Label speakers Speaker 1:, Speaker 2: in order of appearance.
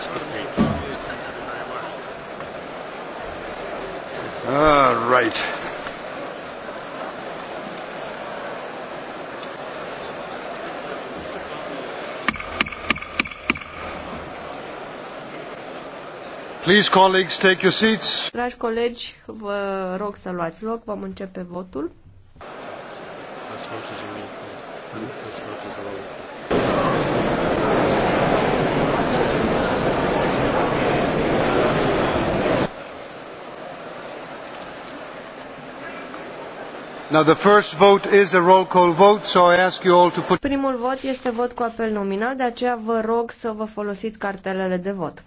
Speaker 1: All right. Please, colleagues, take your seats.
Speaker 2: Dragi colegi, vă rog să luați loc, vom începe votul.
Speaker 1: vote vote
Speaker 3: Now the first vote is a roll call vote, so I ask you all to put...
Speaker 4: Primul vot este vot cu apel nominal, de aceea vă rog să vă folosiți cartelele de vot.